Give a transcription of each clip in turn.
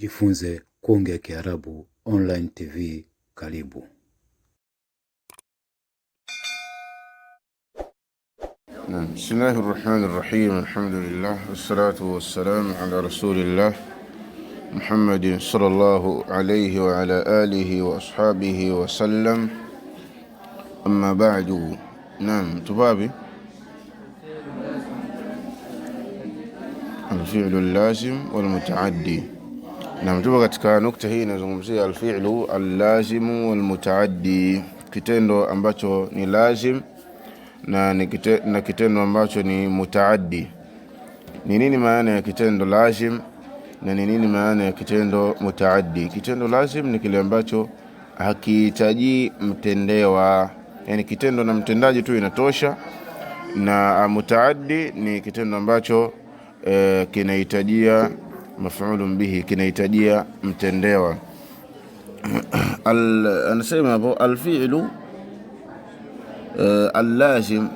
Jifunze Kuongea Kiarabu Online TV karibu. Bismillahi rahmani rahim, alhamdulillah wassalatu wassalamu ala rasulillah Muhammadin sallallahu alayhi wa ala alihi wa ashabihi wa sallam, amma ba'du. Naam, tubabi alfi'lu lazim اللازم والمتعدي Na tupo katika nukta hii inazungumzia alfi'lu allazimu walmutaaddi, kitendo ambacho ni lazim na, ni kite, na kitendo ambacho ni mutaaddi. Ni nini maana ya kitendo lazim na ni nini maana ya kitendo mutaaddi? Kitendo lazim ni kile ambacho hakihitaji mtendewa, yani kitendo na mtendaji tu inatosha, na mutaaddi ni kitendo ambacho eh, kinahitajia maf'ulun bihi kinahitajia mtendewa. Al, anasema hapo alfi'lu uh, allazim,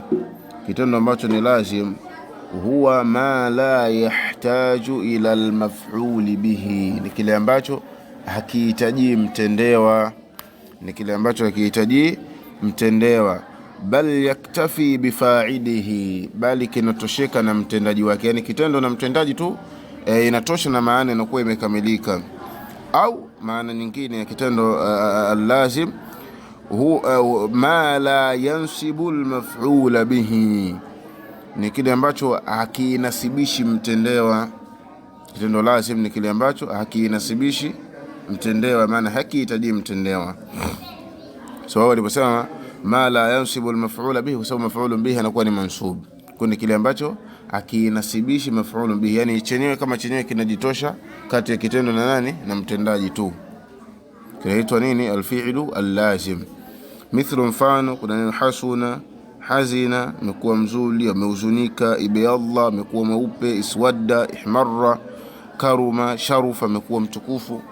kitendo ambacho ni lazim huwa ma la yahtaju ila almaf'uli bihi, ni kile ambacho hakihitaji mtendewa, ni kile ambacho hakihitaji mtendewa bal yaktafi bifailihi, bali kinatosheka na mtendaji wake, yani kitendo na mtendaji tu e, inatosha na maana inakuwa imekamilika. Au maana nyingine ya kitendo eh, eh, hu, uh, ma la yansibu lmafula bihi ni kile ambacho hakinasibishi mtendewa. Kitendo lazim ni kile ambacho hakinasibishi mtendewa, maana hakihitaji mtendewa. So wao waliposema ma la yansibu lmafula bihi, kwa sababu maf'ulun bihi anakuwa ni mansub kwani kile ambacho akinasibishi mafulu bihi, yani chenyewe kama chenyewe kinajitosha kati ya kitendo na nani na mtendaji tu, kinaitwa nini? Alfi'lu allazim. Mithlu, mfano, kuna neno hasuna, hazina, amekuwa mzuri, amehuzunika. Ibyadha, amekuwa mweupe. Iswadda, ihmarra. Karuma, sharufa, amekuwa mtukufu.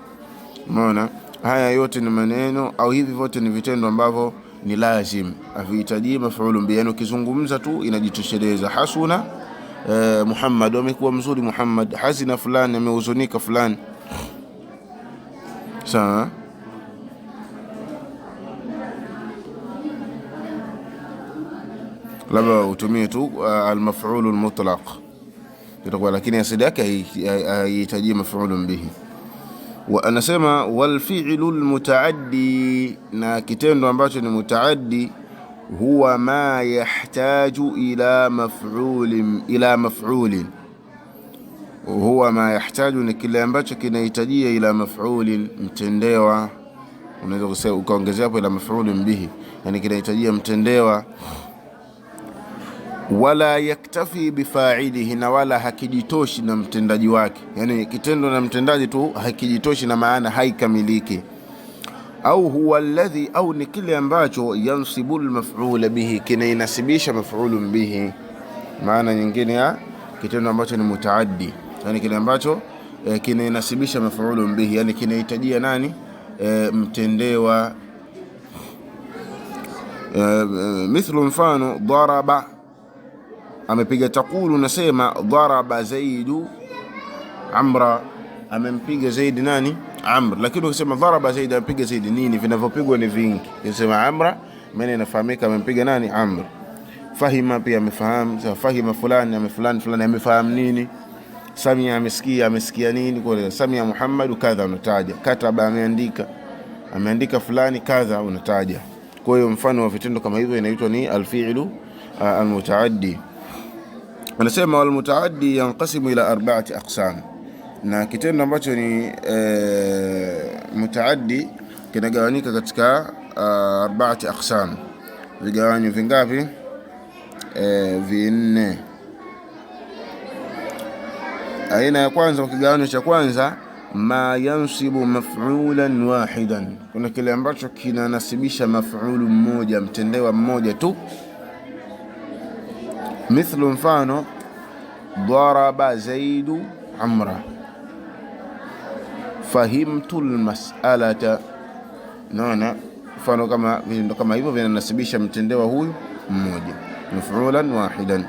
Umeona, haya yote ni maneno au hivi vyote ni vitendo ambavyo ni lazim, havihitaji mafuulu bi, Yani ukizungumza tu inajitosheleza. Hasuna eh, Muhammad amekuwa mzuri Muhammad. hazina fulani amehuzunika fulani. Sawa. Labda utumie tu eh, almafulu lmutlaq itakuwa, lakini asili yake haihitaji mafuulu bihi anasema walfi'lu lmutaaddi, na kitendo ambacho ni mutaaddi huwa ma yahtaju ila maf'ulin, ila maf'ulin huwa ma yahtaju ni kile ambacho kinahitajia ila maf'ulin mtendewa, unaweza ukaongezea hapo ila maf'ulin bihi, yani kinahitajia mtendewa wala yaktafi bifailihi, na wala hakijitoshi na mtendaji wake, yani kitendo na mtendaji tu hakijitoshi, na maana haikamiliki. Au huwa alladhi, au ni kile ambacho yansibu lmafula bihi, kinainasibisha maf'ul bihi. Maana nyingine ya kitendo ambacho ni mutaaddi, yani kile ambacho e, kinainasibisha maf'ul bihi, yani kinahitajia nani e, mtendewa e, mithlu, mfano daraba amepiga. takulu, nasema dharaba zaidu amra, amempiga zaidi nani? Amr. Lakini ukisema dharaba zaidi, amepiga zaidi nini? Vinavyopigwa ni vingi. Ukisema amra, maana inafahamika amempiga nani? Amr. Fahima pia amefahamu. Sasa fahima fulani ame fulani fulani amefahamu nini? Samia amesikia, amesikia nini? Kwa samia Muhammad kadha, unataja kataba, ameandika, ameandika fulani kadha, unataja. Kwa hiyo mfano wa vitendo kama hivyo inaitwa ni alfi'lu almutaaddi. Anasema walmutaaddi yanqasimu ila arbaati aqsam, na kitendo ambacho ni e, mutaaddi kinagawanyika katika arbaati aqsam, vigawanyo vingapi? E, vinne. Aina ya kwanza, kigawanyo cha kwanza ma yansibu maf'ulan wahidan, kuna kile ambacho kinanasibisha maf'ulu mmoja, mtendewa mmoja tu مثل فانو ضرب زيد عمره فهمت المسألة نعم فانو كما كما هيبو بين النسبيشة متندي وهو موجة مفعولا واحدا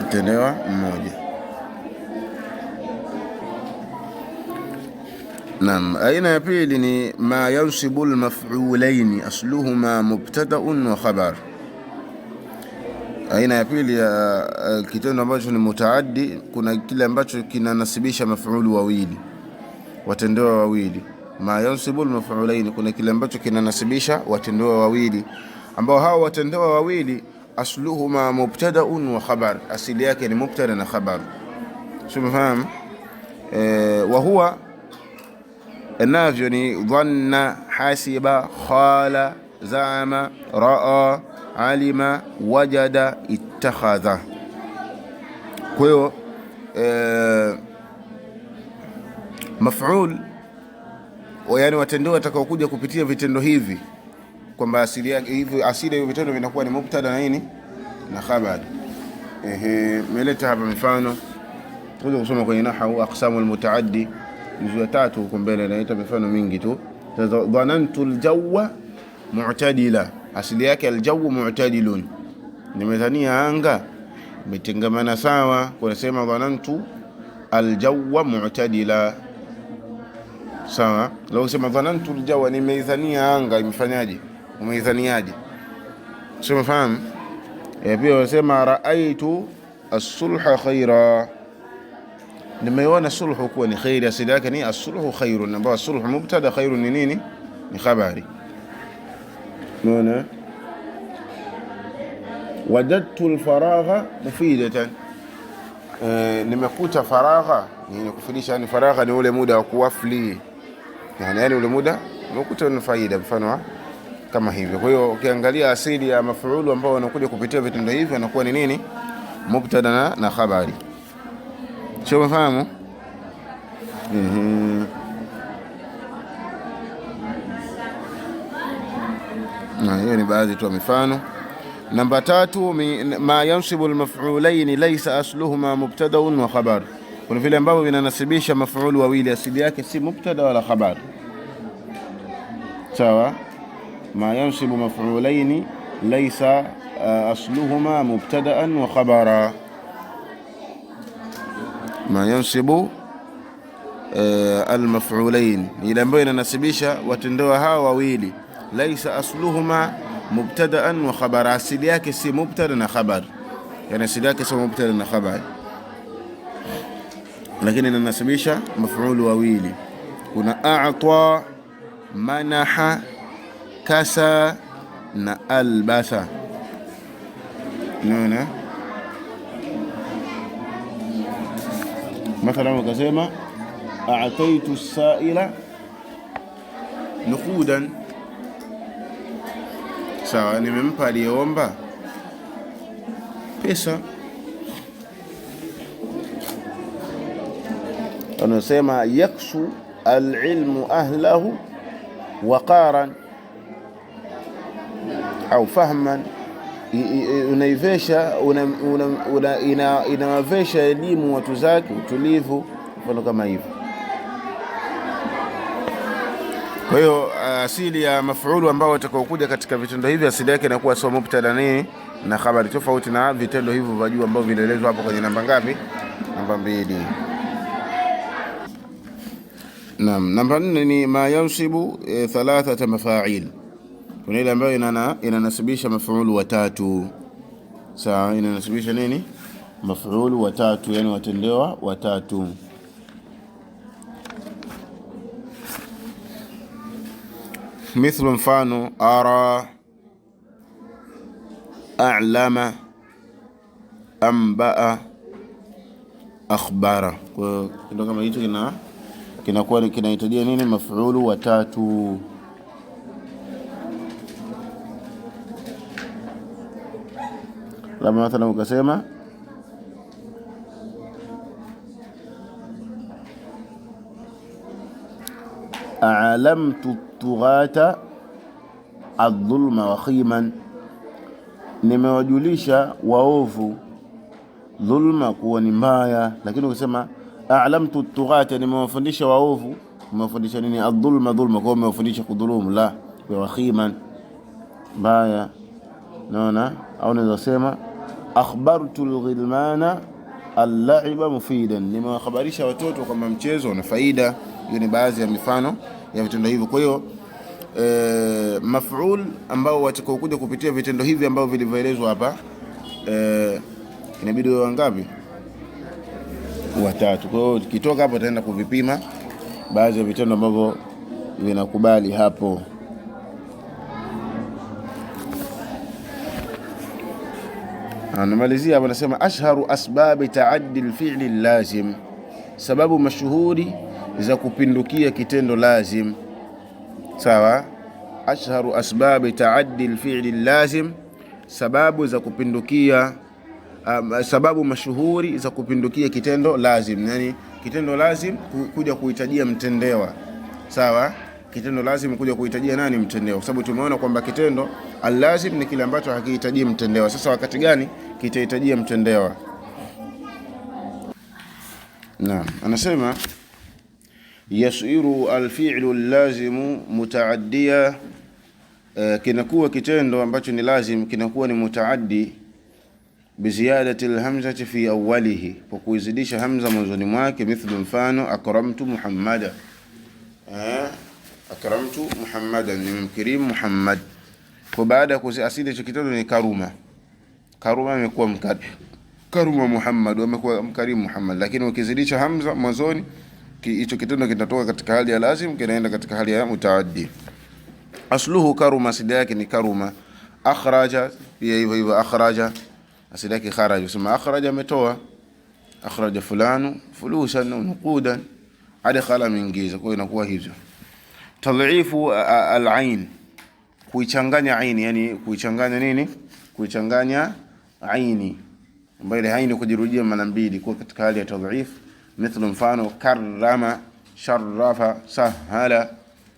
متندي وموجة نعم أين يبيلني ما ينصب المفعولين أصلهما مبتدأ وخبر Aina ya pili ya eh, kitendo ambacho ni mutaaddi, kuna kile ambacho kinanasibisha mafuulu wawili, watendewa wawili. Ma yansibu almafuulaini, kuna kile ambacho kinanasibisha watendewa wawili, ambao hao watendewa wawili asluhuma mubtadaun wa khabar, asili yake ni mubtada na khabar. Subham e, eh, wa huwa navyo ni dhanna, hasiba, khala zaama, raa, alima, wajada, ittakhadha. Kwa hiyo eh, maf'ul yaani watendeo watakaokuja kupitia vitendo hivi kwamba asili yake asili ya vitendo vinakuwa ni mubtada na nini na khabar. Ehe, meleta hapa mifano kuja kusoma kwenye nahau aqsamu almutaaddi, juzu ya tatu huko mbele naita mifano mingi tu. Dhanantu aljawwa mu'tadila, asili yake aljawu mu'tadilun, nimezania anga imetengamana sawa. Kunasema dhanantu aljawa mu'tadila, sawa. Lau sema dhanantu aljawa, nimeidhania anga, imefanyaje? Umeidhaniaje? sio E, pia wanasema raaitu as-sulha khaira, nimeona sulhu kuwa ni khairi. Asili yake ni as-sulhu khairun, ambao sulhu mubtada, khairun ni nini? Ni khabari. Umeona? Wajadtu الفراغ مفيدة نمكوت nimekuta faragha ni kufilisha. Yani faragha ni ule muda wa kuwafli, yani yani ule muda umekuta una mfano kama hivyo. Kwa hiyo ukiangalia asili ya mafuulu ambao wanakuja kupitia vitendo hivyo wanakuwa ni nini? Mubtada na, khabari. Sio, mfahamu? Mhm. na Hiyo ni baadhi tu ya mifano. Namba tatu, ma yansibu almaf'ulaini laysa asluhuma mubtada'un wa khabar, kuna vile ambavyo vinanasibisha maf'ul wawili asili yake si mubtada wala khabar. Sawa, ma yansibu maf'ulaini laysa uh, asluhuma mubtada'an wa khabara, ma yansibu uh, almaf'ulain, ile ambayo inanasibisha watendewa hawa wawili ليس أصلهما مبتدا وخبر سلياك سي مبتدا خبر يعني سلياك سي مبتدا خبر لكن إن نسميشا مفعول وويلي كنا أعطى منح كسى نألبس نونا نعم. مثلا وكسيما أعطيت السائل نقودا sawa, nimempa aliyeomba pesa. Anasema yaksu alilmu ahlahu waqaran au fahman, unaivesha inawavesha elimu watu zake utulivu, mfano kama hivyo. Kwa hiyo uh, asili ya mafuulu ambao atakaokuja katika vitendo hivi asili yake inakuwa sio mubtada ni na khabari, tofauti na vitendo hivyo vya juu ambavyo vinaelezwa hapo kwenye namba ngapi? Namba mbili. Naam, namba nne ni ma yansibu e, thalathata mafail. Kuna ile ambayo inana, inanasibisha mafuulu watatu. Sawa, inanasibisha nini? Mafuulu watatu, yani watendewa watatu. mithlu, mfano ara, a'lama, ambaa, akhbara. Kwa kitu kama hicho kina kinakuwa kinahitajia nini? Maf'ulu watatu. Labda mathalan ukasema alamtu tughata adhulma wa khiman, nimewajulisha waovu dhulma kuwa ni mbaya. Lakini ukisema alamtu tughata, nimewafundisha waovu, nimewafundisha nini? Adhulma, dhulma, kwa nimewafundisha kudhulumu, la wa khiman, mbaya. Naona au naweza sema akhbartu alghilmana allaiba mufidan, nimewakhabarisha watoto kwamba mchezo una faida. Hiyo ni baadhi ya mifano ya vitendo hivyo. Kwa hiyo e, maf'ul ambao watakaokuja kupitia vitendo hivi ambao vilivyoelezwa hapa e, inabidi wa wangapi? Watatu. Kwa hiyo kitoka hapo tutaenda kuvipima baadhi ya vitendo ambavyo vinakubali hapo. Anamalizia ah, hapo, anasema ashharu asbabi taaddi lfili lazim, sababu mashuhuri za kupindukia kitendo lazim. Sawa, ashharu asbabi taaddi alfi'li lazim, sababu za kupindukia um, sababu mashuhuri za kupindukia kitendo lazim, yani kitendo lazim kuja kuhitajia mtendewa. Sawa, kitendo lazim kuja kuhitajia nani? Mtendewa, kwa sababu tumeona kwamba kitendo alazim ni kile ambacho hakihitajii mtendewa. Sasa wakati gani kitahitajia mtendewa? Naam, anasema yasiru alfi'lu lazimu mutaaddia, uh, eh, kinakuwa kitendo ambacho ni lazim kinakuwa ni mutaaddi biziadati lhamzati fi awalihi kwa kuizidisha hamza mwanzoni mwake. Mithlu, mfano akramtu Muhammada, eh, akramtu Muhammadan, nimemkirimu Muhammad. Kwa baada ya asili cha kitendo ni karuma, karuma imekuwa mkarimu karuma Muhammad, amekuwa mkarimu Muhammad, lakini ukizidisha hamza mwanzoni hicho kitendo kinatoka katika hali ya lazim kinaenda katika hali ya mutaaddi. Asluhu karuma, asili yake ni karuma. Akhraja pia hivyo hivyo, akhraja asili yake kharaja. Usema akhraja ametoa, akhraja fulanu fulusan au nuqudan, adkhala mingiza. Kwa hiyo inakuwa hivyo. Tadhifu al-ain, kuichanganya aini, yani kuichanganya nini? Kuichanganya aini ambayo ile aini kujirudia mara mbili, kwa katika hali ya tadhifu mithlu, mfano karama sharafa, sahala.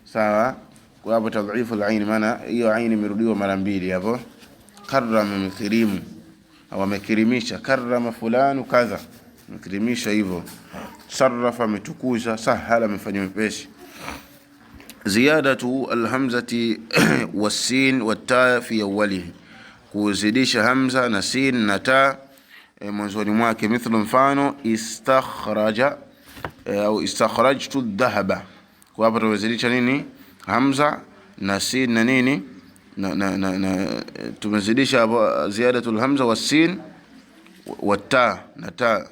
Sawa, kwa hapo tadhifu al maana hiyo ain imerudiwa mara mbili hapo. karama mkirimu au amekirimisha. fulanu kadha, mkirimisha hivyo. sarafa ametukuza. Sahala, amefanya mpeshi. Ziyadatu alhamzati wasin wataa fi awwalihi, kuzidisha hamza na sin na taa mwanzoni mwake. Mithlu, mfano istakhraja au istakhrajtu dhahaba. Kwa hapa tumezilisha nini? Hamza na sin na nini na, na, na, na tumezidisha hapo ziyadatul hamza wa sin wa ta na ta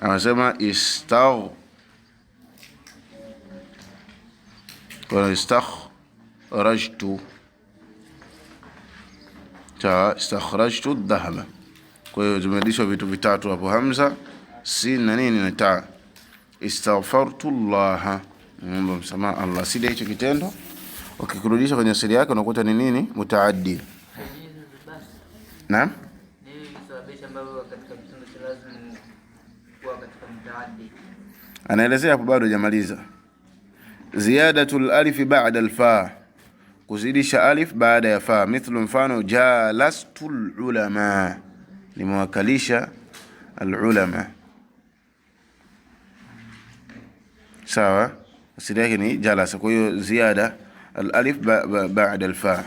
anasema istagh istakh rajtu cha istakhrajtu dhahaba. Kwa hiyo zimeadishwa vitu vitatu hapo, hamza sin na nini na ta. Istaghfartu llaha, naomba msamaha Allah. Sida hicho kitendo ukikirudisha kwenye asili yake unakuta ni nini? Mutaaddi. Naam, anaelezea hapo, bado hajamaliza. Ziyadatu lalifi bada lfaa kuzidisha alif baada ya faa. Mithlu, mfano jalastu lulama, limewakalisha alulama. Sawa, asili yake ni jalasa. Kwa hiyo ziada alif baada alfaa.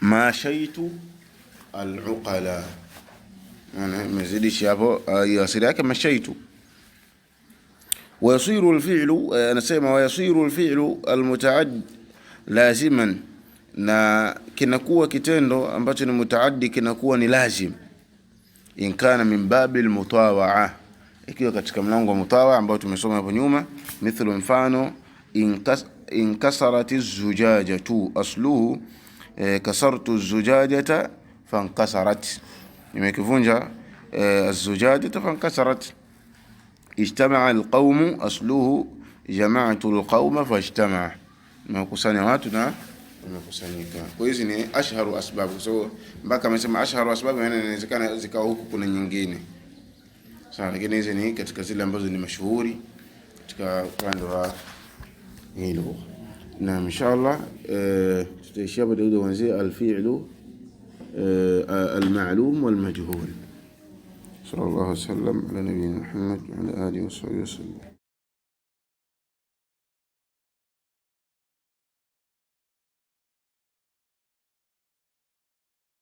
Mashaitu aluqala, imezidisha hapo, asili yake mashaitu ويصير الفعل أنا سيما ويصير الفعل المتعد laziman, na kinakuwa kitendo ambacho ni mutaaddi kinakuwa ni lazim, in kana min babil mutawaa, ikiwa katika mlango wa mutawaa ambao tumesoma hapo nyuma. Mithlu, mfano inkasarat zujajatu asluhu e, kasartu zujajata fankasarat, nimekivunja e, zujajata fankasarat. Ijtamaa alqaumu asluhu jamaatu alqauma fajtamaa umewakusanya watu na umekusanyika. Kwa hizi ni asharu asbabu, so mpaka amesema asharu asbabu, maana inawezekana zikawa huku kuna nyingine sawa, lakini hizi ni katika zile ambazo ni mashuhuri katika upande wa hilo. Na inshallah eh, tutaishia baada ya kuanzia alfi'lu eh, almalum walmajhul. Sallallahu alayhi wasallam ala nabiyina Muhammad wa ala alihi wa sahbihi wasallam.